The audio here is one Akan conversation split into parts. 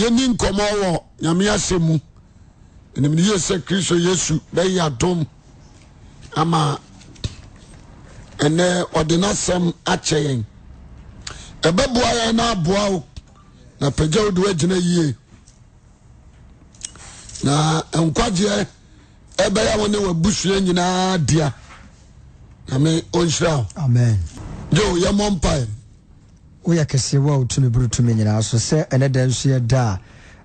yɛni nkɔmmɔ wɔ nyame asɛ mu nimne yie sɛ kristo yesu bɛyɛ adom ama ɛnɛ ɔde n'asɛm akyɛ yɛn ɛbɛboa yɛn na aboa na pagya wo de woagyina yie na nkwagyeɛ ɛbɛyɛ wo ne wabusua nyinaa dea na ɔnhyira wo amen yo yɛmmɔ mpaeɛ woyɛ kɛseɛ wo a wotumi boro tumi nyinaa so sɛ ɛnɛ da nso yɛ da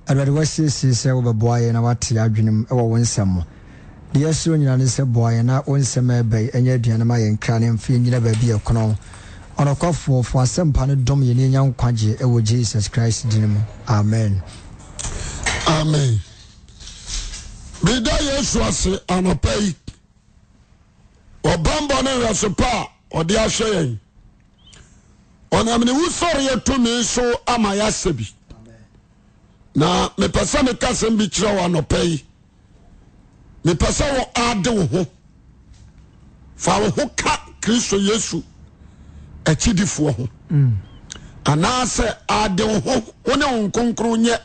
a awurade wasiesie sɛ wobɛboa yɛ na wate adwene mu wo nsɛm mu deɛ ɛsoro nyina ne sɛ boa yɛ na wo nsɛm a ɛbɛi ɛnyɛ aduane ma yɛ ne mfe nyina baabi ɛkono ɔnɔkɔfoɔ fo asɛmpa no dɔm yɛne ɛnya nkwagye ɛwɔ jesus christ din mu amen amen meda yesu ase anɔpa yi ɔbambɔ ne nwɛsopa a ɔde ahyɛ yɛn ɔnam ne wosɔreɛ tumi so ama yɛasɛ bi na mepɛ sɛ meka sɛm bi kyerɛ wɔ anɔpɛ yi mepɛ sɛ wɔ ade wo ho fa wo ho ka kristo yesu akyidifoɔ ho anaasɛ ade wo ho wo ne wo nkronkron nyɛ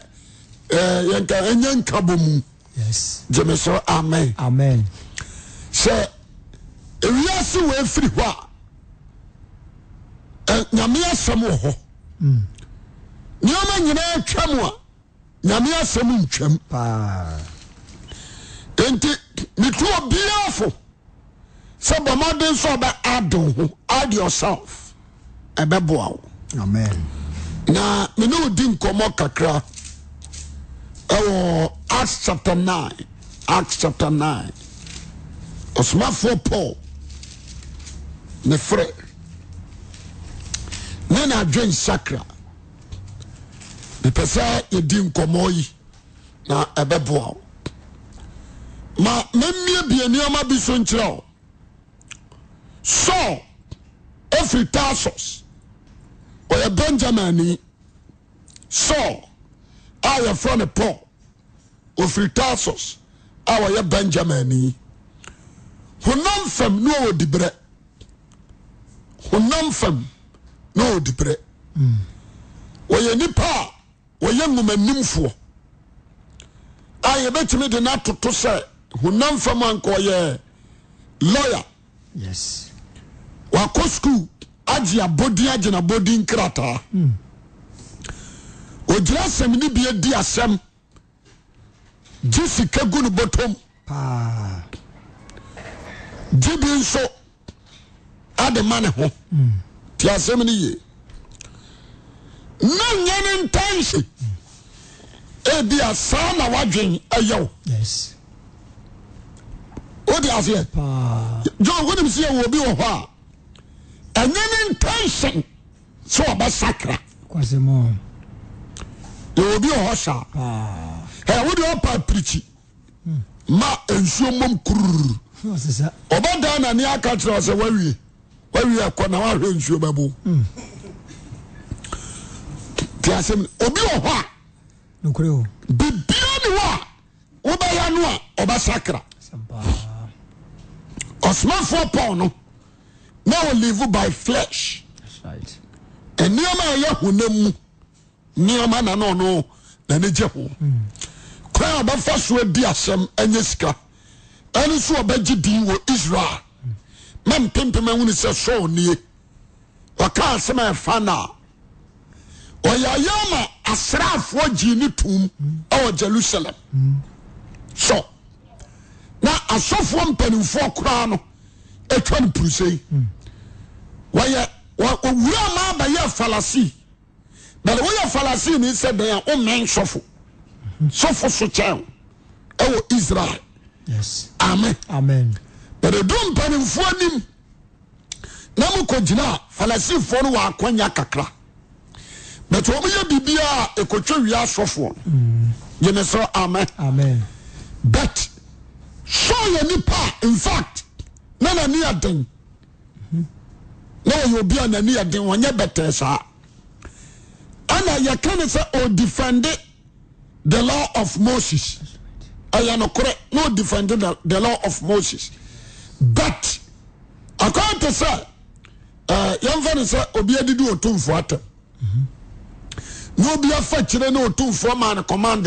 eh, ɛnyɛ nka bɔ mu me so amen sɛ ewiase wɔ afiri hɔ a nyameɛ asɛm wɔ hɔ nneɛoma nyinaa twa m a nyameɛ asɛm ntwam nti metu obiafo sɛ bɔ mɔden sɛ ɔbɛ adwo ho add yourself ɛbɛboa wo na mene ɔdi nkɔmmɔ kakra ɛwɔ ac chapta 9i ac chapa 9i ɔsomafoɔ pal ne ferɛ ne na adwen sakra mepɛ sɛ yɛdi nkɔmmɔ yi na ɛbɛboa wo ma mammie bie nneɔma bi so nkyerɛ wo saul ɛfiri tarsus ɔyɛ benjamin saul a yɛfrɛ no paul ɔfiri tarsus a wɔyɛ benjamin ni honam fam ne ɔwɔ diberɛ honam fam na ɔdi berɛ hmm. wɔyɛ nipa a wɔyɛ nwomanimfoɔ a yɛbɛtumi de noatoto sɛ honam fam anka ɔyɛ lawyer wakɔ sukuu agye abɔdin agyena bɔdin krataa hmm. ogyira asɛm ne bia di asɛm gye sika gu no bɔtom gye bi nso ade ma ne ho hmm. tiasɛm no ye na yɛne ntanse edia saa na wodwen ɛyɛo woiaseɛ john honim sɛ yɛwɔbi wɔhɔ a ɛyɛne ntansen sɛ ɔbɛsakra yɛwɔbiɔhɔ sɛ wode ɔpɛ piriki ma nsuomom kurur ɔɛda nane ka kerɛs wawie akɔ na wahwɛ nsuo bɛbo nti hmm. asɛm obi wɔ hɔ a bibia ne hɔ a wobɛyɛ no a ɔbɛsakra ɔsomafoɔ paul no na olive by flesh nneɛma a ɛyɛ honam mu nneɛma na no ɔno n'ani gye ho hmm. kwan a ɔbɛfa so adi asɛm anya sika ɛno nso ɔbɛgye din wɔ israel mappm wune sɛ sonie ɔkaa sɛma ɛfanaa ɔyɛyɛ ma asraafoɔ gyee ne toom ɛwɔ jerusalem so na asɔfoɔ mpanimfoɔ koraa no ɛtwa no prusei wyɛowura amaa bɛyɛ farisee bɛt woyɛ farisie ne sɛ den a wo me sɔfo sofo sokyɛn wo ɛwɔ israel amea ɛdedu mpanimfoɔ anim na mokɔgyinaa farisifoɔ no wɔakɔnya kakra but ɔmyɛ biribiaa ɛkɔtwa wie asɔfoɔ gyeme mm. sɛ amɛ but saul yɛ nipa a infact na nani aden mm-hmm. na ɔyɛ obi a nani aden ɔnyɛ bɛtɛɛ saa ɛna yɛka ne sɛ ɔdefende oh, the law of moses ɛyɛ nokorɛ na ɔdefende the law of moses but eh, akan te sɛ yɛmf no sɛ biddu tomfuɔ fa kyirnemfuɔ man cman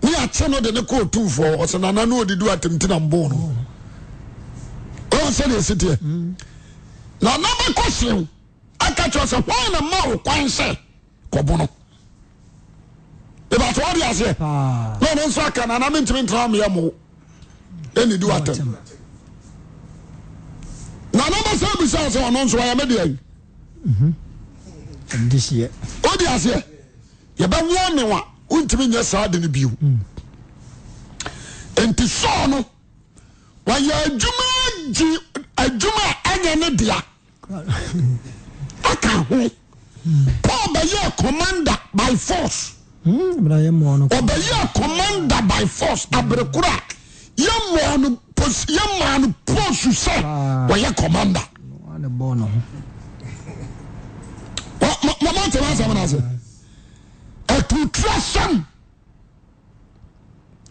ɛeae nodenekɔtmfusmɛesɛna mɛkɔ se aka sɛ ana ma o kwan sɛ ɔo no bɛ etii tameɛmo ɛni di watɛm na anaba sɛ bisa sɛ ɔno nso ɔyɛ medeɛ yi odi aseɛ yɛbɛwoɔ ne wa wontumi nyɛ saa de no bio enti sɔɔ no wɔyɛ adwuma gye adwuma a ɛnyɛ ne dea aka ho paul bɛyɛ commander by force ɔbɛyɛ mm, commander by force aberekora yɛmaa no posu sɛ ah. ɔyɛ commanda mamatɛmasɛmnase atutura sam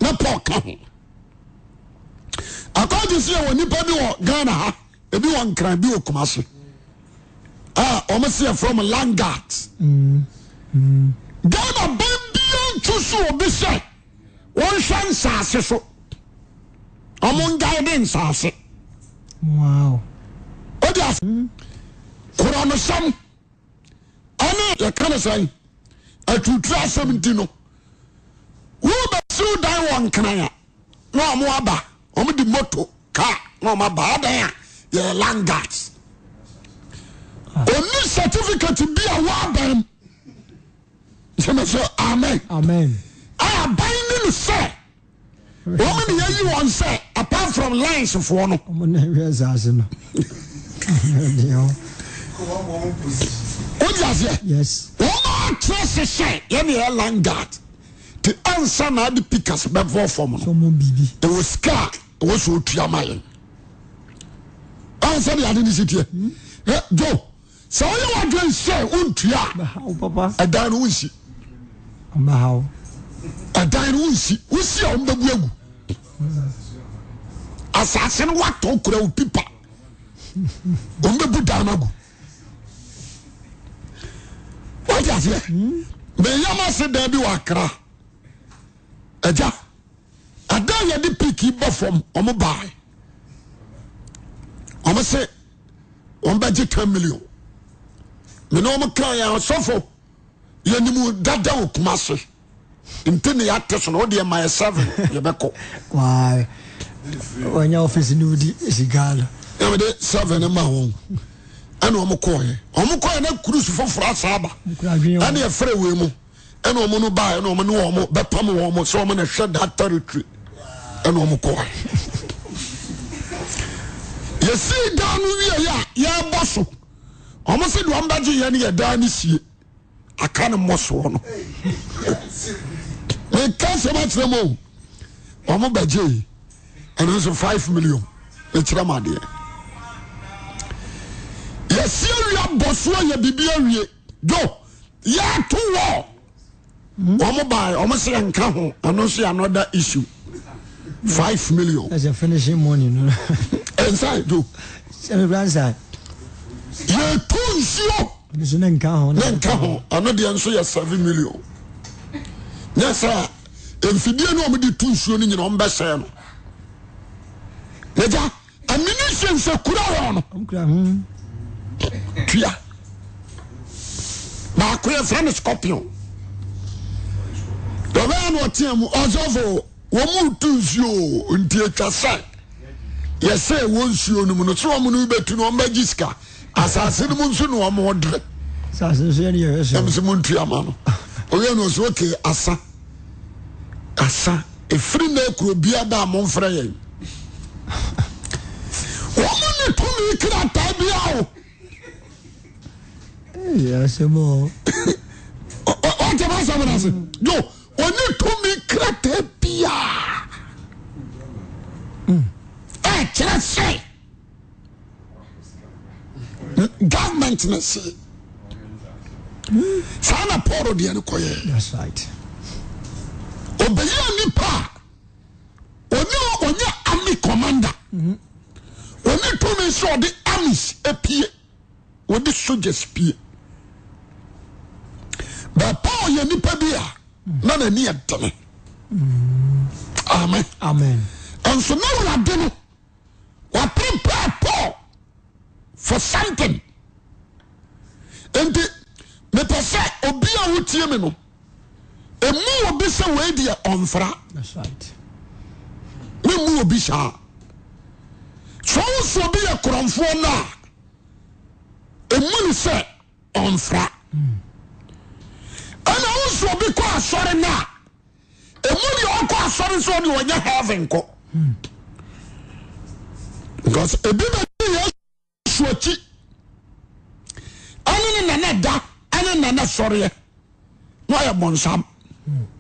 na paul ka ho akɔgye sɛ yɛwɔ nnipa bi wɔ ghana ha ebi wɔ nkran bi wɔ kumase a ah, ɔmo sɛ yɛfrɛ from langard mm, mm. ghana ban bia nto so obi sɛ wɔnhwɛ nsase so ɔmo ngaede nsaase wode as korɔnosɛm ɔne yɛka ne sɛn atuturo asɛm nti no wobɛsiw dan wɔ nkran a na ɔmo aba ɔmo de moto kaa na ɔmo aba adan a yɛyɛ langards ɔni certificate bi a wɔaban sɛmɛ sɛ amen a aban ne no sɛ wɔmo ne yɛyi wɔn sɛ apart from lines foɔ no. ɔmo na ewia zaase no ɛdiɛ o. o di aseɛ. yes. wɔn a kyerɛ sisɛ yɛn yɛ langard ti ansa na adi pikas bɛ bɔ fam no. sɔmɔ bibi. ewo sika ewo so otua ma yɛ ansa de adi ni si tiɛ ɛ jo sɛ ɔyɛ wadɔ nsɛ o ntua ɛdan no o nsi. ɛdan no o nsi o si a o n bɛ bu egu asase no watɔ kura o pipa òun bɛ bu dan agu wọ́n ti aseɛ mɛyàmà se dan bi wà Accra ɛgya adan yɛ de piiki bɔ fam ɔmo baa ɔmo se wọn bɛ gye ten million mene ɔmo kan yɛ asɔfo yɛ nimu dada o kuma se nti ne yɛ ya so na o deɛ ma yɛ seven yɛ bɛ kɔ. wɔnya office no wodi sika no na mede seven ma wɔn ɛna ɔmo kɔɔɛ ɔmo kɔɔɛ na kurusu foforɔ asa aba ɛne ɛfrɛ wei mu ɛna ɔmo no baa ɛna ɔmo ne wɔn bɛpam wɔn sɛ ɔmo na ɛhwɛ that territory ɛna ɔmo kɔɔɛ yɛsii dan no wieɛ a yɛbɔ so ɔmo sɛ deɛ ɔmbɛgye yɛ ne yɛdaa no sie aka ne mmɔsoɔ no meka sɛm akyerɛ mu o ɔmo bɛgyee ɛno nso five million ɛkyerɛ m adeɛ yɛsi awia bɔ so a yɛ biribi awie do yɛato wɔ wɔn ba wɔn sɛ yɛn nka ho ɛno nso yɛ another issue five million. ɛsɛ finishing money no. ɛnsa do. sɛbi bila nsa. yɛtu nsuo. nso ne nka ho. ne nka ho ɛno deɛ nso yɛ seven million. nyɛ sɛ mfidie no a wɔde tu nsuo no nyinaa wɔn bɛ sɛɛ no yɛgya amini hyɛn sɛ kura wɔn no hmm. tua baako yɛ fɛn scorpion dɔbɛn na ɔteɛ mu ɔsɔfo wɔn mu tu nsuo nti atwa sɛ yɛsɛ wɔ nsuo no mu no so wɔn no bɛtu no wɔn sika asase no mu nso na wɔn dere asase nso yɛ ni yɛ hɛ sɛ ɛmu mu ntu ama no oyɛ ɔsɛ oke asa asa efiri na ekuro bia a mo yɛn. ta tɛbasbnse o ɔye tomi krata bia a kyerɛ sɛ govement ne se sana parɔ deɛne kɔyɛ obɛyɛ nipa yɔnye amy commande mm-hmm. ɔni tomi sɛ ɔde amis apue wɔde sogyes pie bu paul yɛ nnipa bi a na naaniɛdene ame ɛnso ne wwade no wopripae pal for sometin nti mepɛ sɛ obia wotie mu no ɛmu ɔ bi sɛ weidiɛ ɔmfra memmu ɔ bi sa a sɛ bi yɛ korɔmfoɔ no a ɛmune sɛ ɔmfra ɛna wo bi kɔ asɔre no a ɛmu deɛ ɔkɔ asɔre sɛ ɔde wɔnyɛ heaven kɔ because ebi bɛdi yɛsu akyi ɛne ne nana da ɛne nana sɔreɛ na ɔyɛ bɔnsam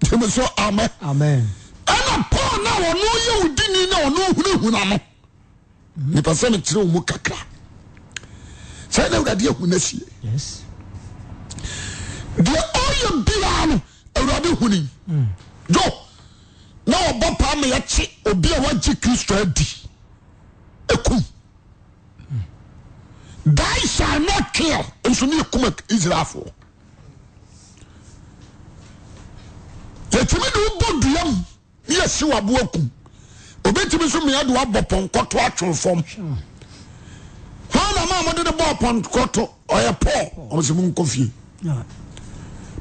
tumi so amen ɛna paul na ɔno yɛ odini na ɔno hunahuna no nipɛ sɛno kyerɛ wo mu kakra sɛɛ ne awurade ahu no asie deɛ ɔyɛ bia no awurade huni o na ɔbɔ paa mayɛkye obiawagye kristo adi ɛku dae sa no kil nsone yɛkuma israfoɔ yɛtumi de wobɔ duam ne yɛsiwaboaku obɛtumi nso mmea de wabɔ pɔnkɔto atwe fam hɔn na maa mɔde ne bɔɔ pɔnkɔto ɔyɛ paul ɔmo sɛ mo nkɔ fie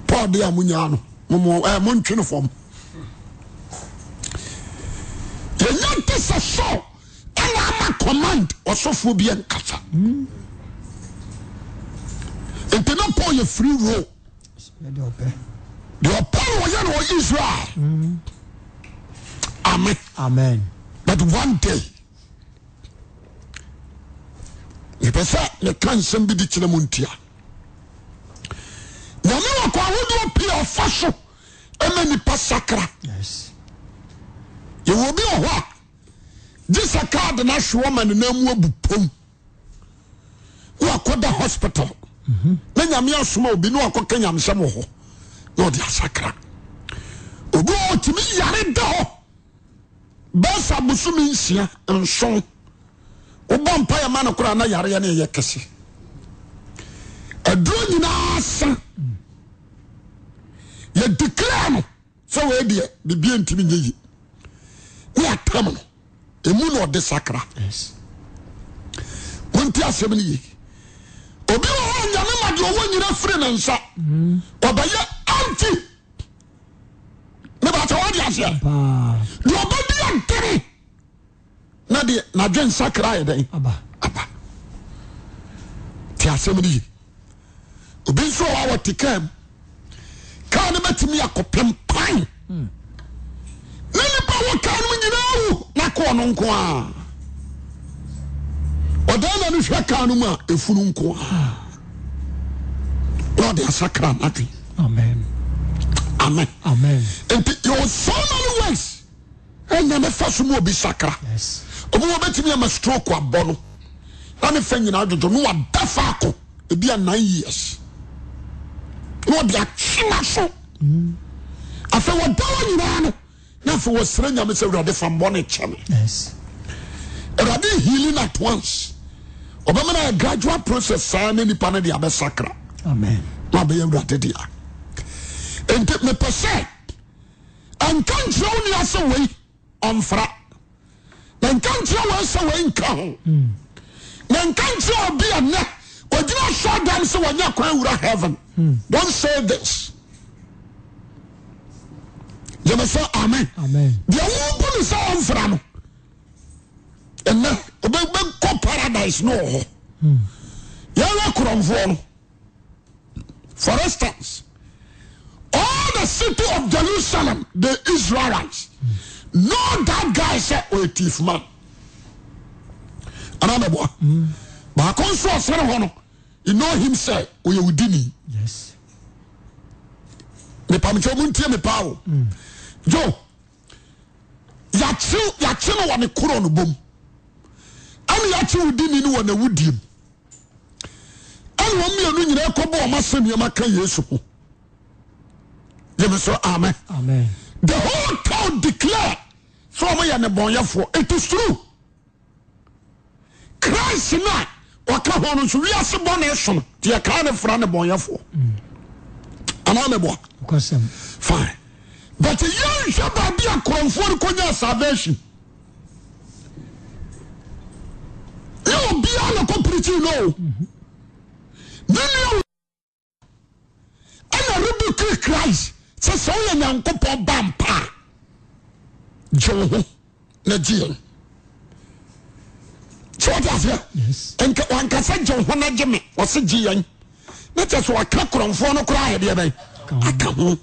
paul de a mo nyaa no mo mo ɛɛ mo ntwe ne fam yɛnya te sɛ sɔɔ ɛna ama command ɔsɔfoɔ bi yɛ nkasa nti yɛ free will deɛ ɔpɛ no wɔyɛ no wɔ israel mm. amen. amen. but oneday nipɛ sɛ meka nsɛm bi de kyerɛ mu nti a nyame wakɔahode ɔpire ɔfa so ma nnipa sakara yɛwɔbi ɔhɔ a gyesɛka dena hwe wɔma nena mu abu pom ne wakɔ mhm. da hospital na yameɛ somaobine wa nyasɛhiiiyared h bɛ sa bosome nsia nson wobɔ mpa yɛma ne kora na yareɛ ne yɛyɛ kese adura nyinaa sa yɛdikraa no sɛ weɛ deɛ de bientimi nyɛ yi ne atamuno ɛmu ne ɔde sakra wonpi asɛm no yi obi wɔha yane madeɛ ɔwɔ nyina firi ne nsa ɔbɛyɛ mm-hmm. anti ne batɛ wode aseɛ dnaaɛdy obnawɔtkam ka ne bɛtimiakɔpepa ne nia wɔka nom nyina na nona danna no hwɛ ka nm a fnna de sakranti yson Mm. nyame fa so ma bi sakra ɔbɛtumi ama srokɔɛɛa eral poesɛɛ nka kyerɛ onuasɛ i nnka neɛsɛ nka ho n nka nyeɛ bianɛ ina sɛdam sɛ nyɛ ko wura heaven ɔsɛ this gymɛsɛ amen bea wo n sɛ ɔmfra no ɛnɛ ɛkɔ paradise no ɔ hɔ yɛwɛ koɔnfoɔ no for instance all the city of jerusalem he israelite know that guy sɛ ɔyɛ oh, thief man anaa bɛ bɔ baako nso ɔsɛn hɔ no you know him sɛ ɔyɛ odini mipamikyɛ mu ntie mi paa o jo yakye yakye no wɔ ne koro no bom ɛna yakye odini no wɔ n'awudie mu ɛna wɔn mmienu nyinaa kɔbɔ wɔn asɛ nneɛma ka yesu ho yɛ mi sɔ amen the whole town declare. yɛ ne ɛfoɔ itis tr cris no a ɔka hniasebɔneso yɛkane frane foɔbutonhwɛ babi akrɔmfoɔ n ya saveton ne obia nakɔpritno m anarebk cris sɛ sɛ woyɛ nyankopɔn bampaa gye wo ho na gye yɛn sɛ wɔte aseɛ nka wankasa gye wo ho na gye me wɔse gye yɛn na kyɛ sɛ waka korɔmfoɔ no koraa yɛdeɛ bɛn aka ho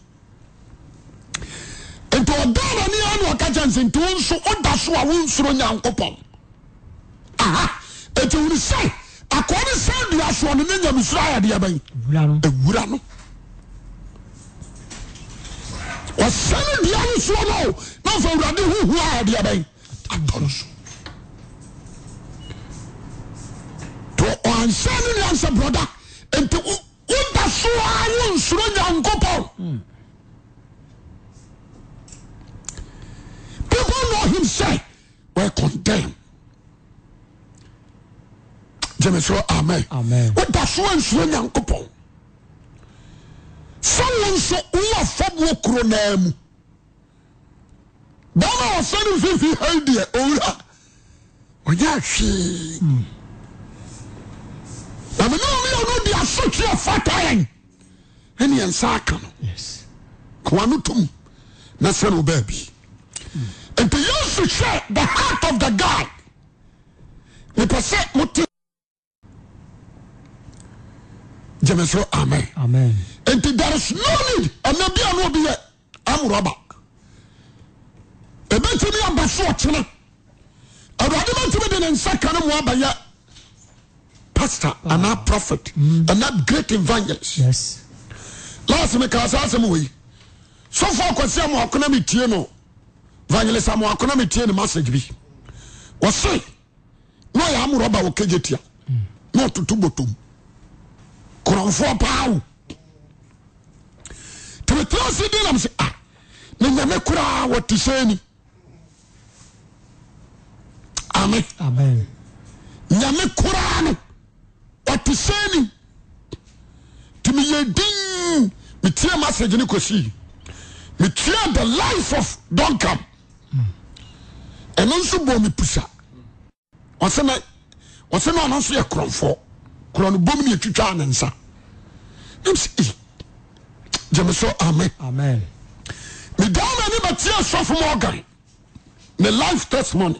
nti ɔdaa na ne yɛn na ɔka kyɛ nsɛ nti wo nso woda so a wonsuro nyankopɔn aha ɛti wuru sɛ akɔɔ ne sɛ dua soɔ no ne nyamesuro ayɛdeɛ bɛn ɛwura no ɔsɛne no soɔ rah t ansa no neanse broda ente woasoayo nsuro nyanko peple nohimse we conden eesoamen woasoa nsuro nyankopn soonse wowafomokoro namu dana ɔsɛno fifi har deɛ ora ɔnyɛ hwee na menemiɛ no de aso teɛ fata ɛn eneyɛnsa aka no kowa no tom na sɛ no obaabi nti yuso hwɛ the heart of the guad mepɛ sɛ mote gyeme soro ame nti there is no ned ana biano ɔbiɛ amoroba ɛbɛtumi aba so ɔkyena awurade bɛtumi de ne nsa ka no mu abayɛ pastor anaa prophet ana great evangelist last mekaa saa asɛm wei sɔfo akɔsi amoakona metie no evangelist a amoakona metie ne message bi wɔse na ɔyɛ amorɔba wɔkagye tia na ɔtoto bɔtom korɔmfoɔ paa wo tɛmɛtɛɛ se de nam sɛ a ne nyame koraa wɔte sɛni ame yame kora ne ɔte seni te meye din me tee massage ne kosii metee the life of doncam ɛno nso bo me pusa sene nenso yɛ kronf bminiwanensm yeme so ame medamene ba tee sofo mo gar me life tesmony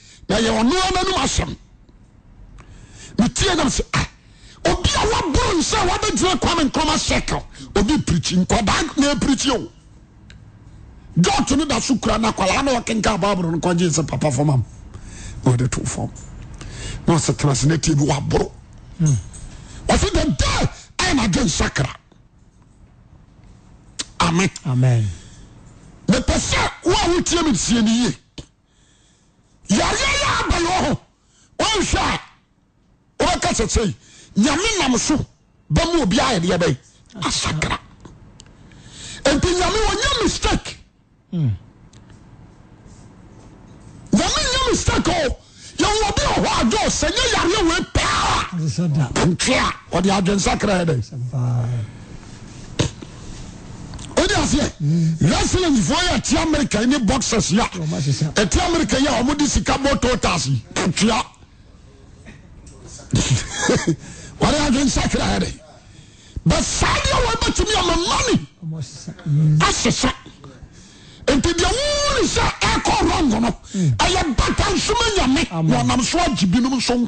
ye onuananum asem me tie name obiawo boro nse wadetie kko ser pri tne das kraede nao nsakra ame epese wawe tiemesieniye yaye hoɔhwɛ a wobɛka setsɛ yame nam so bama obia ɛdeɛ bɛ asakara enti nyame wo nya mistake nyame ya mistake o yɛwwɔ be wɔhɔ ajo sɛ nyɛ yareyɛ we paaa ntea ode adwe nsakaray dɛ aasatm asesa nd ynym naman son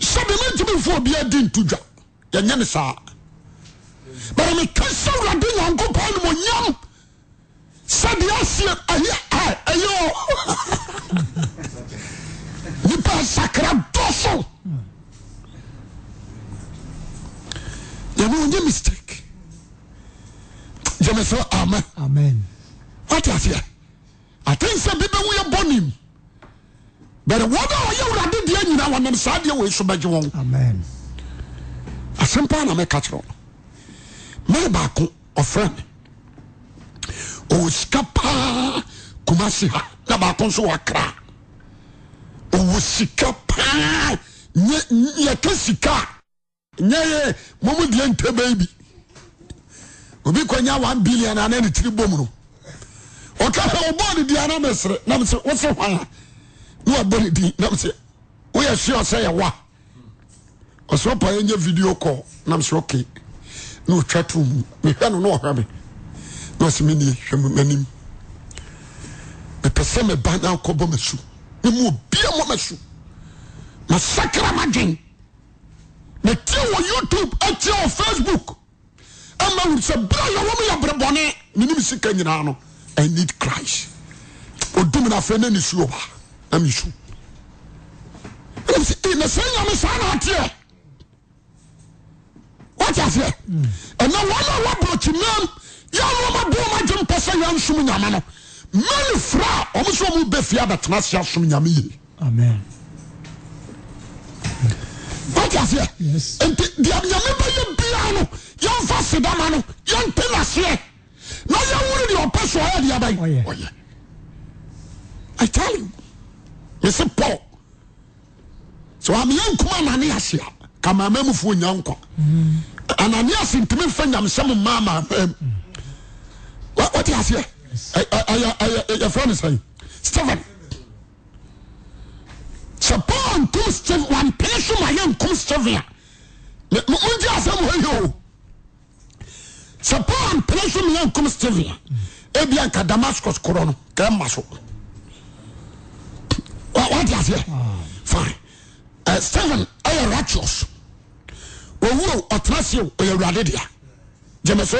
sɛbi mantimi mfo obia di nto dwa yɛnyɛ ne saa but meka sɛ wurade nyankopɔn nomonyam sɛdeɛ asie ɛyɛ ɛyɛ nipa sakra dɔ so yɛne ɔnyɛ mistake gyeme sɛ amen amen wate aseɛ aten sɛ bi bɛwu yɛ bɔnem but wɔn a wɔyɛ awurade deɛ nyinaa wɔnam saa deɛ wɔ esu bɛgye wɔn asɛm paa na mɛka kyerɛ mmaa baako ɔfrɛ me ɔwɔ sika paa kumasi ha na baako nso wɔ akra ɔwɔ sika paa nye yɛka sika nye yɛ mɔmu deɛ ntɛbɛn bi obi kɔ nya one billion anɛ ne tiri bom no ɔka sɛ ɔbɔɔ ne deɛ anamɛsere nam sɛ a wabɔ ne din nam sɛ woyɛ sua sɛ yɛwa ɔsɛ ɔpa yɛnyɛ video call nam sɛ okay na ɔtwa to mu mehwɛ no na me na ɔsɛ menie hwɛ m'anim sɛ na akɔbɔ m'asu ne mu obia mmɔ m'asu masakra m'adwen metie wɔ youtube atie e wɔ facebook ama e wuru sɛ berɛ yɛwɔ m yɛ berebɔne menim sika nyinaa no i need christ ɔdum no afei na ne suo hɔ amisu na sɛ nyame saa na ateɛ wate aseɛ ɛna wɔn a wɔbɔ kyinam yɛn wɔn a bɔ wɔn agye mpɛ sɛ yɛn nsom nyame no mmɛni fura a wɔn nso wɔn bɛ fia bɛtena se asom nyame yie amen wate aseɛ nti deɛ nyame bɛyɛ biara no yɛn fa sedama no yɛn te na seɛ na yɛn wuli deɛ ɔpɛ so ɔyɛ deɛ bɛyɛ ɔyɛ I tell you. mese po sɛ wmeya nkm ananias a kamaamamu fo yanka ananias ntimi fa nyasɛm mamwatseɛyfrɛne s steven sɛ ppee sy nk stive as sɛ pa mpene somyɛ nkom steven a bia nka damascus koro no kama so esɛsteen eh, yɛracus wro ɔtenase ɔyɛwradedea yamso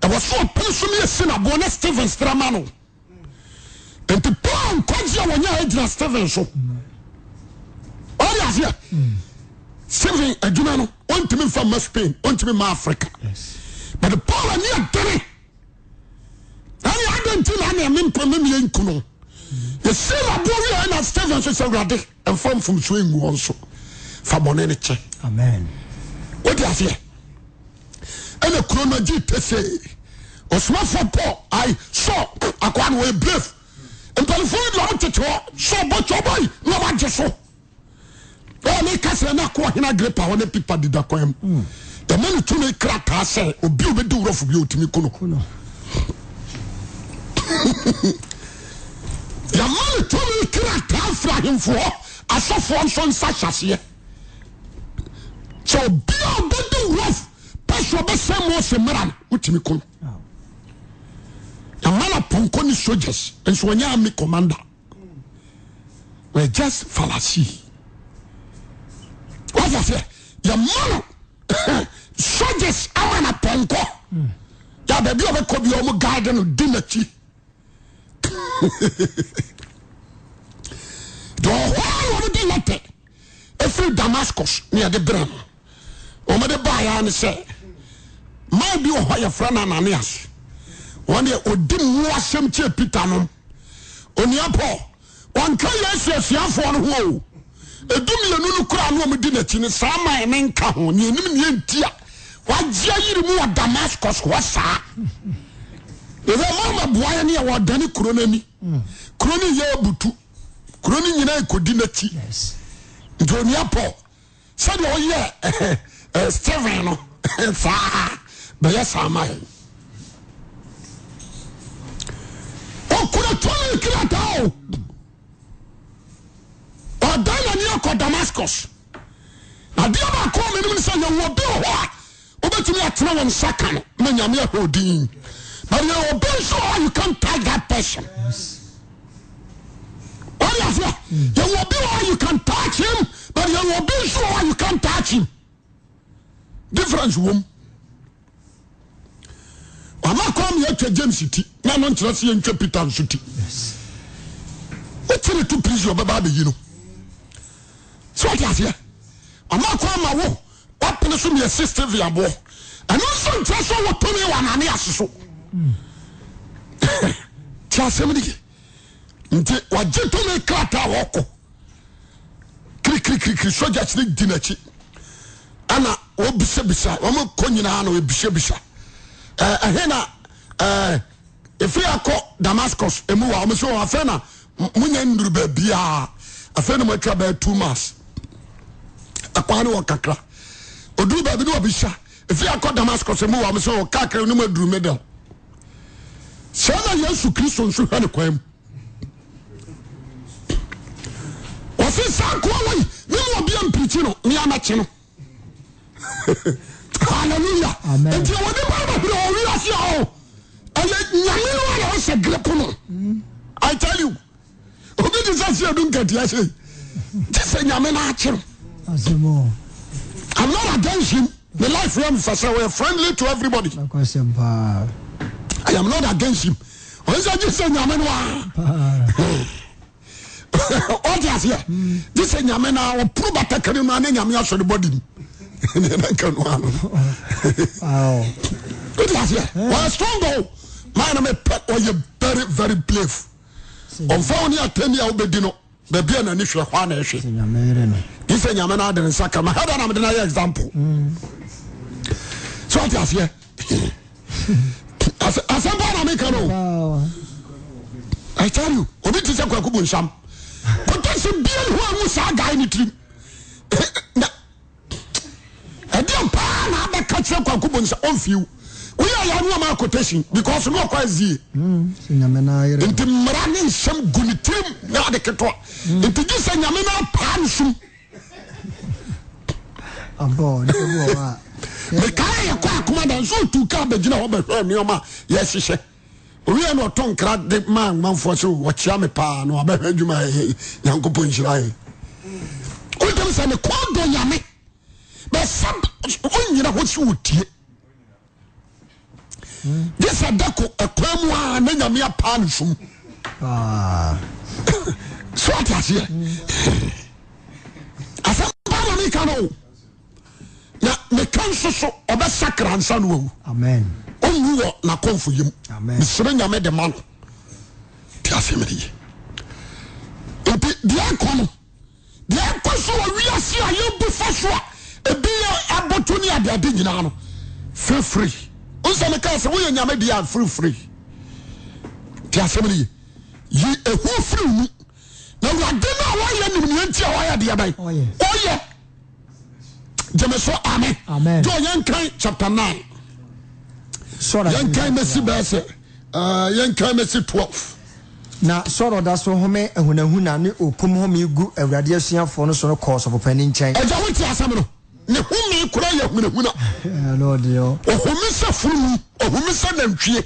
mewsosoiɛsinbone steven sramanon pa nayegina steven soesɛ seen auna no ntimi fama spain timima africa bu palanantnnmemmiakuno yɛsi laboɔ wi ɛna stephen so sɛ awurade ɛmfa mfomsuo ngu wɔn so fa bɔne no kyɛ wode aseɛ ɛna kuro no agye tesee ɔsomafoɔ paul ai saul akoa no wɔyɛ brave mpanimfoɔ yi deɛ ɔtete hɔ saul bɔkyɛ ɔbɔ yi na ɔbagye so ɔne ka sɛ na akoa hena agripa hɔ ne pipa deda kwan mu dɛma no tu no krataa sɛ obi a obɛdi worɔfo bi a ɔtumi ko no yàmá mi tó mi kiri àtà fún ahemfoɔ asɔfoɔ nso nsa hyaseɛ sɛ obi a ɔbɛdi wurɔf pɛsɛ ɔbɛsɛn mu ɔsɛ mmerɛ no wotumi kɔn yàmá na pɔnkɔ ne sojas nso wɔnyɛ ami commander wɛ just falasi wɔfɔ fɛ yàmá na sojas ama na pɔnkɔ yà bɛbi ɔbɛkɔ bi ɔmo gaadi no di n'akyi. dɔ ɔhɔa noɔne de lɛtɛ ɛfiri damascus ne yɛde derɛ no ɔmɛde ba yɛ ne sɛ mao bi wɔ hɔ yɛfra no ananias wɔn deɛ ɔdim wowasɛm kyiɛ pitar nom onea pɔ ɔnka yɛ suasuafoɔ no hɔ o ɛdumyɛnu no kora na ɔmdi naki no saa ma ɛ me nka ho neanim neanti a waagyea yire mu wɔ damascus hɔ saa ɛfɛ mama boaeɛ ne yɛ wɔdane kuro hmm. eh, eh, no ani kuro no yɛ abutu kuro no nyinaa ɛkɔdi n'akyi nti onua pɔ sɛdeɛ ɔyɛ steven no saa bɛyɛ saa ma yɛ ɔkoratuo no krataa o ɔdan na ne damascus adeɛ baako a menim sɛ yɛwɔ bi wɔ hɔ a wobɛtumi atena wo nsa ka no na nyame ahɛ odin but you will be sure you can't touch that person. Yes. yà fẹ́ you mm. will be sure you can touch him but you will be sure you can't touch him. difference wom mama kọ́ mi ẹ̀twẹ̀ James ti nanu nkyerẹ́ sí yẹn ntwẹ́ Peter nso ti wọ́n ti tu prison ọbẹ̀ bá a bẹ̀ yí no sọ wọ́n ti àfẹ́ mama kọ́ ma wọ́ wọ́n pinnu so mi ẹ̀ sixty vi aboọ́ ẹnu nso nkyerẹ́ sọ wọ́n tó mi wà nàní àsoso. ti asɛm de nti wagye tome krataa wɔkɔ kirikirikirikiri soja ne di n'akyi ana wɔbisabisa wɔmkɔ nyinaa na wɔbisabisa ɛhe na ɛfiri akɔ damascus ɛmu wa ɔmo sɛ wɔn afɛn na munya nnuru baabiaa afɛn na mo atwa bɛɛ two miles ɛkwan ne wɔ kakra oduru baabi ne wɔbisa ɛfiri akɔ damascus ɛmu wa ɔmo sɛ wɔn kakra ne mo aduru middle sɛna yesu kristo nso hwne km sesaka we meneba mpriino memakyeo yame ere i e ɛsa tsɛ yame nokyer imno ani e lieaɛ frienly to everybody I am not against him wọn sọ jíṣẹ nyame no a ọ ti ase yẹ jíṣẹ nyame na ọ puru bàtà kẹrin mu ane nyame asọ ne bọdi mu ẹni ẹ bẹ kẹ nu ọ ti ase yẹ wọn strong o maa na mi pẹ ọ yẹ very very brave ọ̀nfà wọn ni atẹ́ni a ọ bẹ di no bẹẹbi ẹ nani hwẹ hwa na ẹ hwẹ jíṣẹ nyame na adi ne nsa kama hada na mi di na example mm. so ọ ti ase yẹ. asɛmpa na meka no I tell you obi ti sɛ kwaku bu nsam kɔtɔ sɛ bia ne hɔ mu saa guy ne tirim ɛdeɛ paa na abɛka kyerɛ kwaku bu nsam ɔmfiw woyɛ ɔyɛ no ama quotation because ne ɔkɔ azie nti mmara ne nsɛm gu ne tirim na ketewa nti gye sɛ nyame no apaa mekae yɛkɔ akoma da nso otu ka bɛgyina hɔ bɛhwɛ nneɔma a yɛhyehyɛ owia na ɔtɔ nkra de ma nmanfoɔ sɛ wɔkyea me paa na wabɛhwɛ adwuma nyankopɔn nhyira yɛ wotam sɛ mekɔ dɔ nyame bɛsɛ wonyina hɔ sɛ wɔtie gye sɛ dako ɛkwa mu a na nyame apaa no som ah. so ate aseɛ mm. asɛmpa na meka no o meka nsoso ɔbɛsakransa no m nakfo yrɛ ya deseyɛ fosa naea i ffɛffɛ gyeme so ame jo yɛnkan chapter 9 yɛnkan mɛsi bɛɛ sɛ yɛnkan mɛsi twelve. na sɔrɔ da so home ahunahuna ne opom home gu awurade asuafoɔ no so no kɔɔ sɔpopani nkyɛn agya ho te asɛm no ne eh, home kora yɛ ahunahuna ɔhome sɛ furumu nantwie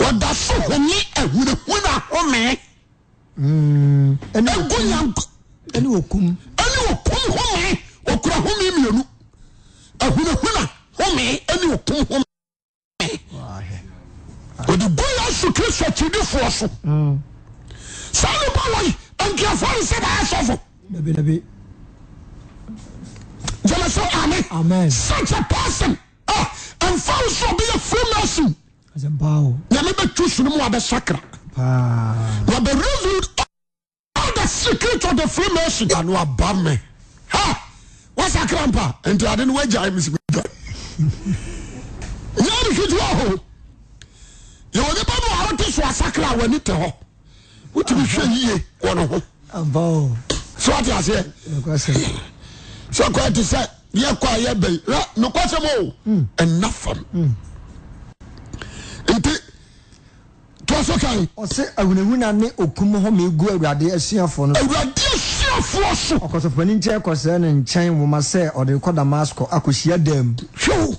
ɔda so home home else anesucha person fasoeye flemesin mesn sakrase e nh yakrant tm so wate aseɛ sɛ kɔɛ te sɛ yɛkɔ a yɛbɛi nokwasɛm o ɛna fam nti toa so kan ɔsɛ ahunahuna ne okum hɔ megu awurade asuafoɔ no awurade asuafoɔ so ɔkɔsɔpani nkyɛn kɔsɛɛ ne nkyɛn woma sɛ ɔde kɔ damasko akɔhyia dam hwɛw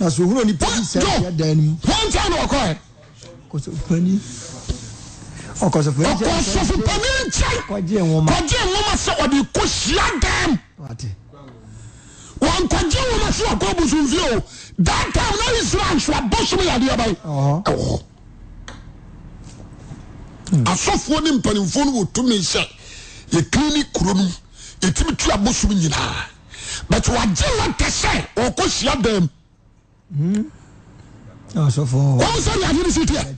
na so ohunu nipa bi sɛ hyia dan no mu wɔnkyɛn na ɔkɔɛ kɔsɔpani ɔkɔsɔfopani nkyɛn kɔgye nwoma sɛ ɔde kɔ hyia dam wɔnkɔgye nwoma sɛ ɔkɔ busumfie o that time na israel nsoa bɔsom yɛdeɛ bɛn ɛwɔ asɔfoɔ ne mpanimfoɔ no wɔtumi sɛ yɛkiri ne kuro no yɛtumi tu abosom nyinaa but wagye lɛtɛ sɛ ɔkɔ hyia dam wɔn sɛ yɛade ne si teɛ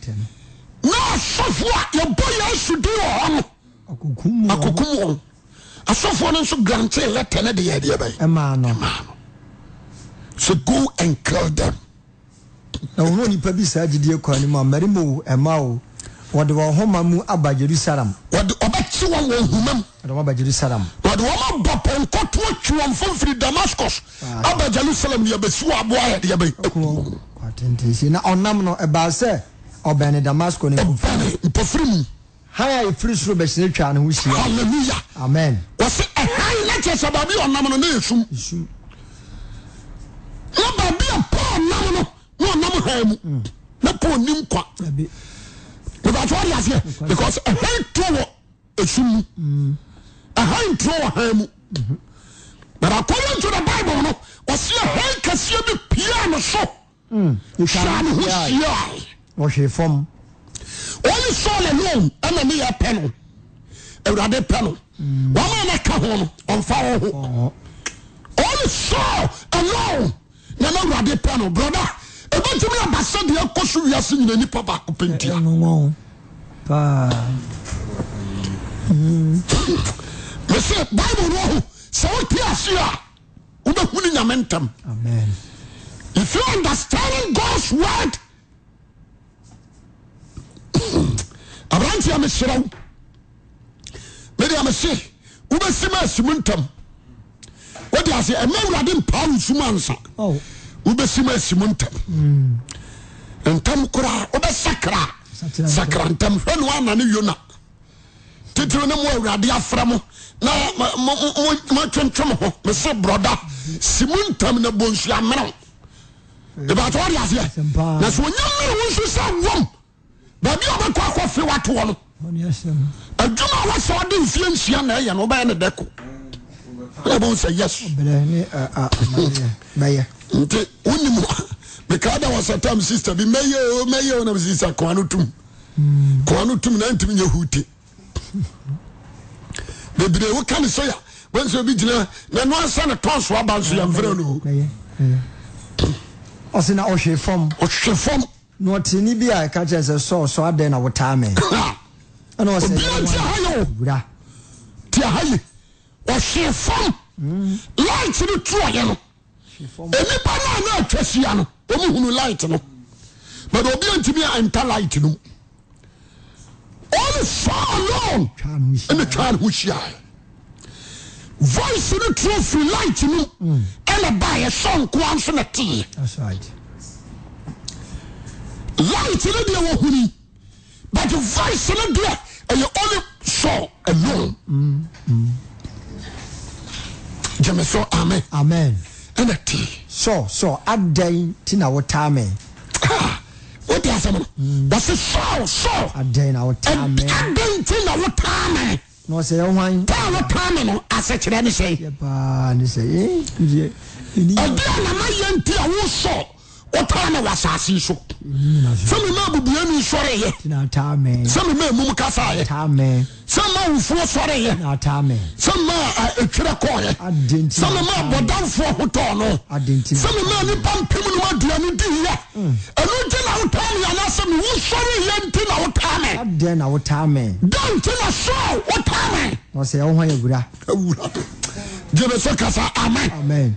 na asɔfo a yɛbɔ yɛasu din wɔ hɔ no akokum wɔn asɔfoɔ no nso grantee lɛtɛ ne de yɛdeɛ bɛyɛ ɛmaa no so go and kill them na wɔn nipa bi saa gyidie kwan ne mu a mmarima o ɛma o wɔde wɔn homa mu aba jerusalem wɔde ɔbɛkye wɔn wɔn homa mu wɔde wɔn aba jerusalem wɔde wɔn ah. aba pɔnkɔ to atwi wɔn mfimfini damascus aba jerusalem yɛbɛsi wɔ aboa yɛdeɛ bɛyɛ na ɔnam no ɛbaa sɛ bne damasco ne mpofiri mu haɔfiri soro bɛsenɛ wane hoeaaan aeɛbaaa onsole nameypen awrde pn mnkah faho nso nnwrade pen brote etibasadeakoso was yinanip baondiae bibleho sɛwopasa wobehuni yamentm abratia me sereo medeamese wobesimo sim ntam osmewrade paomnsawsit kakrannn tiimi ne mowraeferm nttoee brsim tmn eemwn baabi a ɔbɛkɔ akɔfe watoɔ no adwuma a wɔsɛ ɔde mfie nsia na ɛyɛ no wobɛyɛ ne dɛko ɛbɛhu sɛ yes nti wonim mekaa da wɔ sɛ tam sister bi mɛyɛo mɛyɛo na mesisa koa no tum hmm. koa no tum na ntimi nyɛ hute bebree woka ne sɛ ya wɛnsɛ obi gyina na no ansa ne tɔnso aba nso yɛmfrɛ no ɔsɛ na fam ɔhwe fam nɛa sɛssdɛnantayɛ ha sefam mm. light no tuyɛ nonipa noanatwa sia no mhuu ligt antiianaligt noan netwa n hoyia voice no tuo fur light nom mm. na baɛsunkoa nso na teeɛ light no deɛ wɔ huni but voice no deɛ ɛyɛ only Saul alone. jẹmi sọ amen. amen. ɛna ti. sọ sọ adan ti na wɔta mi. o ti asɛm no wɔsi sɔɔ sɔɔ. adan na wɔta mi. adan ti na wɔta mi. na ɔsɛ yɛ hwan. tá a wɔta mi no asɛkyerɛ ni sɛ. yɛ paa ni sɛ ɛdi a nana yɛn ti a wosɔ wotara na wasase so mm, sɛ mema abubuani sɔreyɛ sɛ mema amum kasaeɛ sɛ ma awufuo sɔreyɛ sɛ ma ɛtwerɛ kɔɔyɛ sɛ mema abɔdamfoɔ hotɔɔ no sɛ mema nipa mpem nom aduane diiɛ mm. ɛno nti na wotaa me anaasɛ mewo sɔreyɛ nti na wotaa me da nti na sɛ wotaa me gyeme sɛ kasa amen, amen.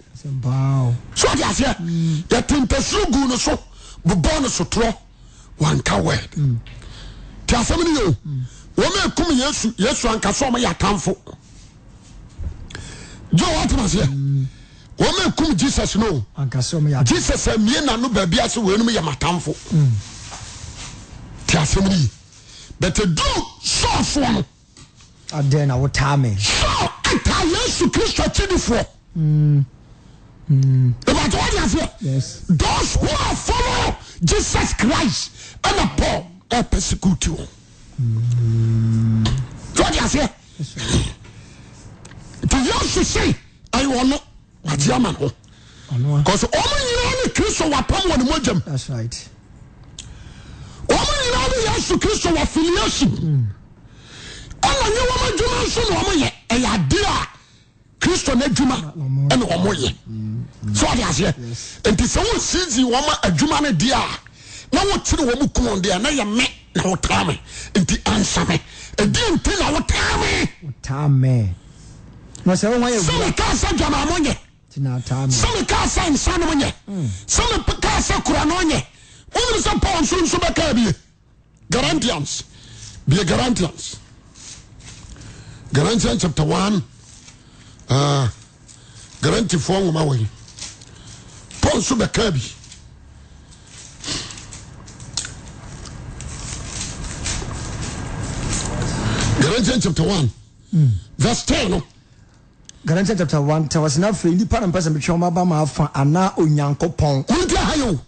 so ɔde aseɛ yɛte mpɛsuro gu no so bobɔ no sotorɔ wanka word te asɛm no yɛ o wɔn a ekum yesu yesu anka so ɔmo yɛ atamfo gye wɔn atena seɛ wɔn a jesus no jesus amie eh, nanu baabi ase wɔn enum yɛ matamfo te asɛm no yɛ bɛtɛ duro sɔɔfoɔ no adeɛ na wotaa me, hmm. sɔɔ eh, ata yesu kristu akyi nifoɔ ìbàtí wọ́n di àfẹ́ those who are follow Jesus Christ ẹna Paul ẹ persecute wọn wọ́n di àfẹ́ tìyẹ́ òṣìṣẹ́ ẹ̀yẹ wọn no wà á di àmà nù kọ́sọ̀ ọmọ nyinaa ni Kristo wà pam wọn ni mo jẹm ọmọ nyinaa ni Yesu Kristo wà filiation ẹnna nyẹ wọn adwuma nso na wọn yẹ ẹ̀yẹ adé cristo ne adwuma ne womoye sɛdesɛ ntisɛ osi ma dwuanotere mo uenaekas dwaamysekassaoyeaany oesapansso ɛka bie grantians rnangrnan a Ah. garantifoɔ nwoma wɔ yi paul nso bɛka bi Galatians chapter one, hmm. verse ten. no Galatians chapter one, tell us na afei nipa na mpɛ sɛ metwɛ ɔma ba ma afa anaa onyankopɔn wonti aha yɛ o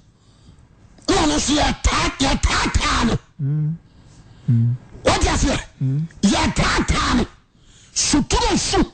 na ɔno so yɛtaataa no wode aseɛ yɛtaataa no sotoro so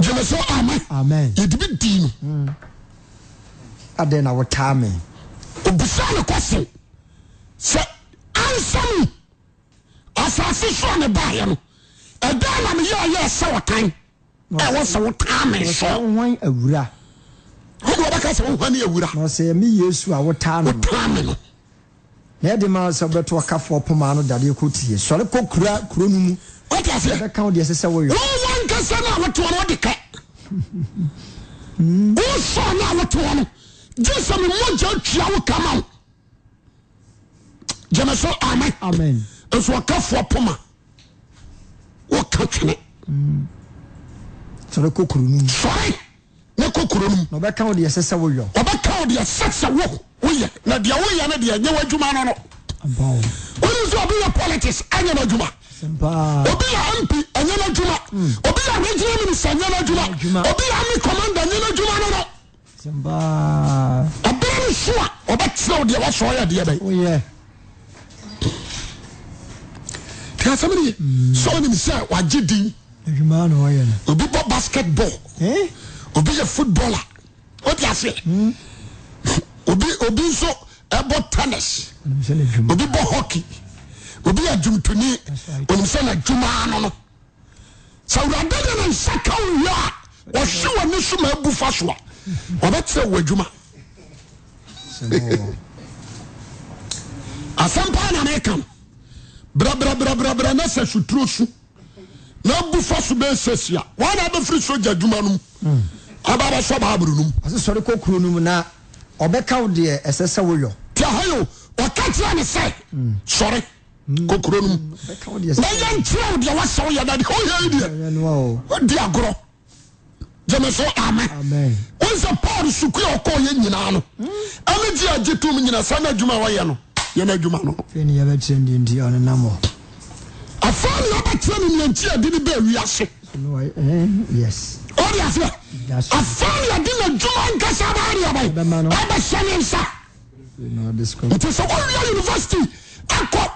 gyeme so amen yɛdibi dii no mm. adɛn na wotaa me obusa ne kɔse sɛ ansam asase soa ne baeɛ no ɛdɛn na meyɛɔyɛɛ sɛ wɔtan ɛwɔ sɛ wotaa me so wan awura wode wɔbɛka sɛ wohane awura na ɔsɛ me yesu a wotaa no wotaa me no na ɛde ma sɛ wobɛto ɔkafoɔ poma no dadeɛ kɔtie sɔre kɔkura kuro no mu owonkasa no awote o no wodeka woso ne awote ho no gyesɛmemɔgya tua wo kamam yeme so am nso ɔkafo poma woka twenene koonɔbɛkawodesɛsɛ yɛnadoyɛnde nyɛdwuma nnɛɔbyɛ politi aydw obi yɛ mp ɛnyɛ hmm. no Juma, obi yɛ regional minister ɛnyɛ no adwuma obi yɛ army commander ɛnyɛ no adwuma no no ɛberɛ no so a ɔbɛkyerɛ wo deɛ wasɔ yɛ deɛ bɛn nti asɛm no ye hmm. sɛ wonim sɛ wagye din obi bɔ basketball obi yɛ footballer wode aseɛ hmm. obi Obi nso ɛbɔ tennis obi bɔ hockey obi yɛ dwumtoni onim sɛ n'adwuma no no sɛ awurade de ne nsa ka wo wie a wɔhwe w'ani so ma abu fa so a wɔbɛterɛ wo adwuma asɛm paa na meka no brabrabrabrabra na sɛ suturo su na abu fa so bɛɛsɛsi a wɔana bɛfiri sogya adwuma no mu hmm. aba bɛsɔ baaboro no mu ɔse no mu na ɔbɛka wo deɛ ɛsɛ sɛ woyɔ tiahayɛ ɔka kyerɛ ne sɛ hmm. sɔre kó kuro nu mu bẹyẹ nkyerɛ o deɛ wasa o yɛ dade o yɛ yi deɛ o di agorɔ jẹmẹsọ amen o n sɛ paul sukuu yɛ ɔkɔ yɛ nyinaa no mm. ɛni di agye tum nyina sɛ ɛna adwuma wɔyɛ no yɛ na adwuma no. fɛn yɛ bɛ tiɲɛ di nti ɔne nam hɔ. afaani yɛ bɛ tiɲɛ ni nyanti adi ni bɛɛ wia se. Eh, yes. o de aseɛ afaani yɛ di na juma nkasa b'a yɛ bɛ ɛbɛ sɛ ne nsa. nti sɛ o wia university akɔ.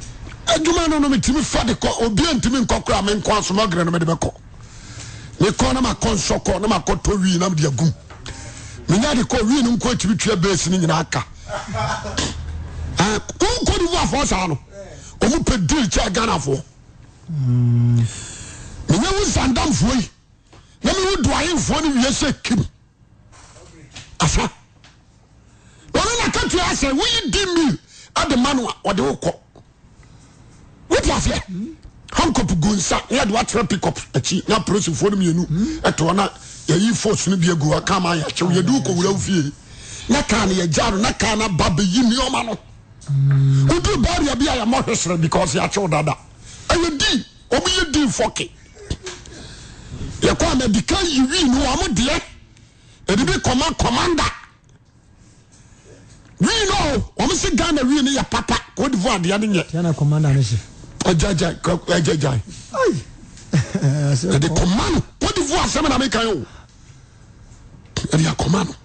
adwuma no no metumi fa de kɔ obia ntumi nkɔ kora menkɔ asoma gerɛ no mede bɛkɔ mekɔ na makɔ nsɔ kɔ na makɔtɔ wii na mede agum menya de kɔ wii no nkɔ atumi tua base no nyinaa ka wonkɔ ah, de vuafoɔ saa no ɔmu pɛ dil kyɛ ghanafoɔ menya wo nsandamfoɔ yi na mewo duayemfoɔ no wie sɛ kim asa ɔno na ka tua sɛ woyi di mil ade ma no a wo kɔ wọ́n ti àfẹ́ hankop gu nsa ní ẹ̀dùn àtẹ̀rẹ̀ pikọp ẹ̀kí ní apolosifoɔ no mmienu ẹ̀tọ́ wọn a yẹ̀yí fọ́ọ̀sì no bi egu hɔ káàmà yà kyɛw yẹ dùn kò wúlò fìyè na kaa no yɛ gya no na kaa no ba bɛyi nneɔma no woduru baarea bi a yɛmmɔ hwesere because yɛakyew dada ɛyɛ dii ɔmoyɛ dii fɔke yɛkɔ a madika yi wii no wɔ mo deɛ ɛde bi kɔma kɔmanda wii no ɔmo se ghana wii no yɛ papa kodivo adeɛ no nyɛ ajaja ajaja ɛde kɔma no wɔde fo asɛm na meka o ɛde akɔma no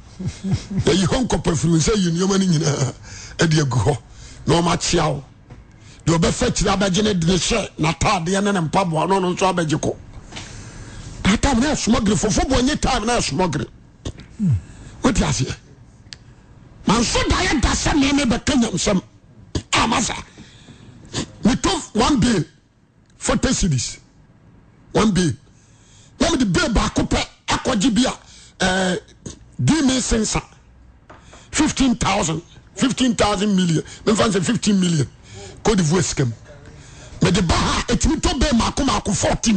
ɛyi hɔ nkɔpɛ firi sɛ yi nneɛma no nyinaa ɛde agu hɔ na ɔma kyea wo deɛ ɔbɛfa kyiri abɛgye ne de ne hyɛ n'ataadeɛ ne ne mpaboa no no nso abɛgye kɔ na time na ɛsomɔgere fofo bɔ time na ɛsomɔgere wote aseɛ manso daeɛ da sɛ meme bɛka nyamsɛm amasa ah, meto o bal fo tesidies ba ne mede be bako pe akoje bia 05cet 5 t0s05 t0s0 million efse 5 million coe de vos skem edebaha etimi to bamkomko 4 tser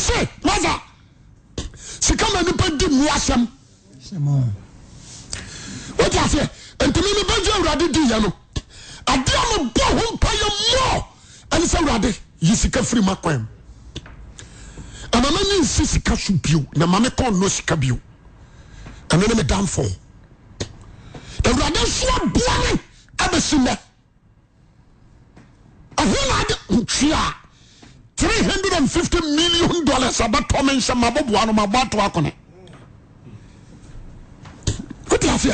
se masa sika ma nipa di mmoa sɛm watiasɛ ntimi nebɛgya awurade di yɛ no ade amaboa ho mpayɛ mmo ɛne sɛ wurade yi sika firima kon m amamanensi sika so bio na mamekɔɔnɔ sika bio ɛmenemedamfo wurade nsoa boa ne abɛsimɛ ɛhonaade ntea hundrea fifty million dollars abtensb etafi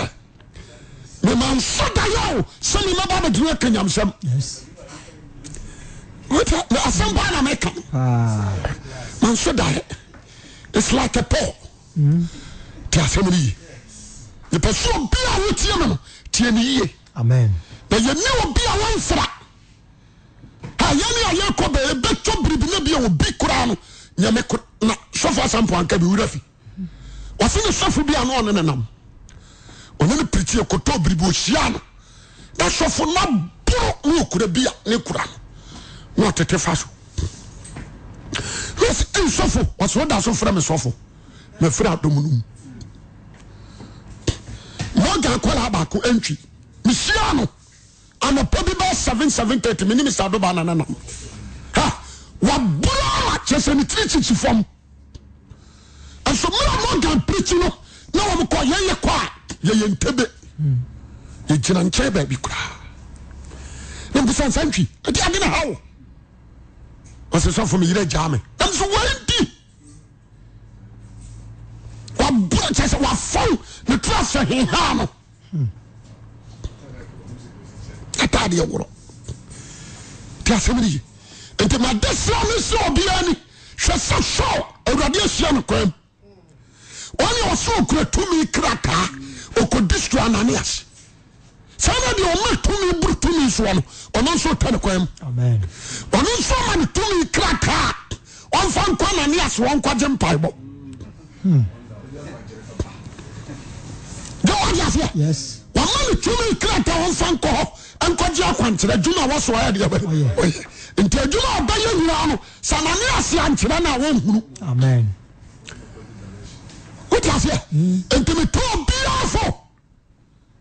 e manso dayeo semnbmetkeyam sem asem b nme ka menso dae is like a pa mm. teasemineye efesuobiawe tie men tieneyye beyeneobia wo nsera yeneye ko e beto beribi nebi kra o sofo sapffo nrokrabirae faf moga kolbako nti mesia no anpɛ bi bɛ s30nsadann wabrɔ ma kyɛsɛ ne tiri kyikyi fam ɛnso mera mɔka preki no na omek yɛyɛ kɔaɛni rkɛsɛ wafom ne turaasɛ hehaa no ndes nen sese so na rann a kraa an nkɔgye akwankyerɛ adwuma a wɔso ayɛ deɛ ɔyɛ nti adwuma a ɔbɛyɛ nyinaa no sanane ase ankyerɛ no a wɔnhunu wote aseɛ mm. nti metɔ obiaa fo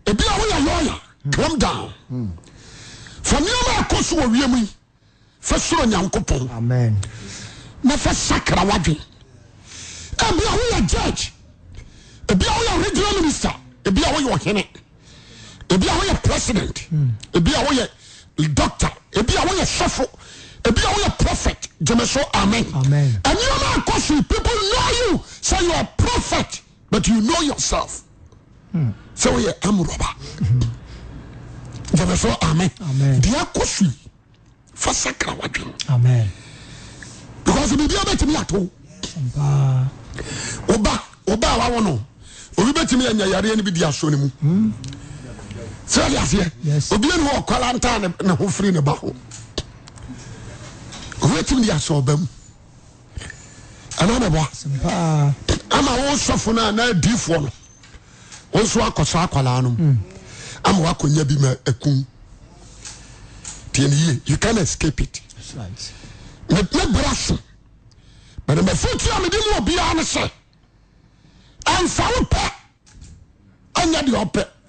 ebi a woyɛ lɔya calm down mm. fa nneɛma ɛkɔ so wɔ wiem yi fa soro nyankopɔn na fa sakra w'adwen ebi a woyɛ judge ebi a woyɛ regional minister ebi a woyɛ ɔhene biawoyɛ president bia woyɛyɛfyɛ proet yems en sɛpoe s sɛwoyɛ amrɔba yemso amn deakɔs fasakrawodemo bmibia bɛimi ɛt baawon oibɛtimi yɛnyayarene bidiasɔne mu hmm. sɛde aseɛ obia ne wɔkɔla ntaa ne ho firi ne ba ho owɛtimi de asɛ ɔba mu ananɛboa ama wosɔfo no ana adiifoɔ no wo nso akɔ so akɔlaa no mu ama woakɔnya bi ma aku tiɛne yie you can escape it me bra so but mafotu a mede mu obiara no sɛ ɛmfa wo pɛ ɛnyɛ deɛ ɔpɛ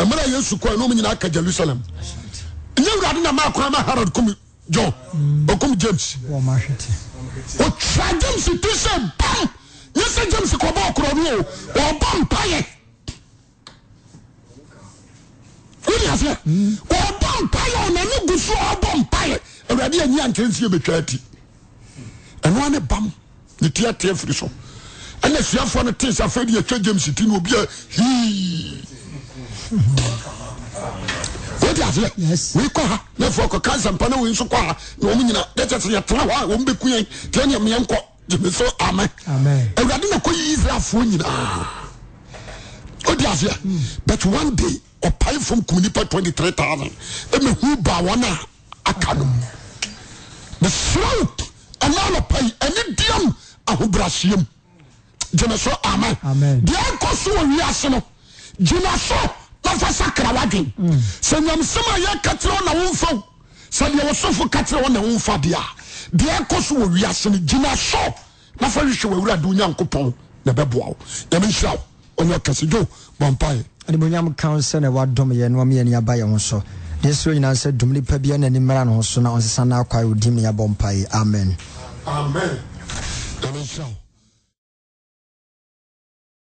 ɛmɛrɛ yesu kɔ ɛnum nyinaa ka jerusalem nye wurade na maa kora ma herod kumi john mm. okum james otwa james ti sɛ bam nye sɛ james kɔ bɔ ɔkorɔ no o ɔbɔ mpayɛ wọ́n yà fẹ́ ọ̀bọ̀ mpáyà ọ̀nà ní gùsù ọ̀bọ̀ mpáyà ẹ̀rọ̀dì yẹn ní àǹkẹ́nsì yẹn bẹ̀twẹ́ ti ẹ̀nu wọn bam ni tiẹ̀ tiẹ̀ firi so ẹ̀na suafọ́ ni tí nsàfẹ́ ni yẹ james ti ni obi yẹ hii wọ́n aseɛ wei kɔ ha na fɔ kɔ kansa mpa na wei nso kɔ ha na wɔn nyina de kyɛ sɛ yɛtena hɔ a wɔn bɛ kun yɛn tiɛ ne yɛmɛ nkɔ jimi so amen awurade na kɔ yi israelfoɔ nyinaa o di aseɛ but one day ɔpae fam kum nipa twenty three thousand ɛmɛ hu ba wɔn a aka no na sraw ɛna na pa yi ɛne diam ahobrasiam jimi so amen deɛ akɔ so wɔ wiase no na fa sakra wadwen sɛ nyamsɛm a yɛ katerɛ na womfa sɛ deɛ wɔsofo katerɛ wɔ na womfa deɛ deɛ ɛkɔ wɔ wiase no gyina sɔ na fa hwehwɛ wawura de onyankopɔn na ɛbɛboa wo nyame nhyira wo ɔnyɛ ɔkɛse dwo bɔmpaeɛ animonyam ka wo sɛ na wadom yɛ no ɔmeyɛ ne aba yɛ ho so deɛ sɛ nyinaa sɛ dom nipa bia n'ani mmara ne ho so na ɔnsesa no akwae wodim ne yɛbɔ mpae amen amen nyame nhyira wo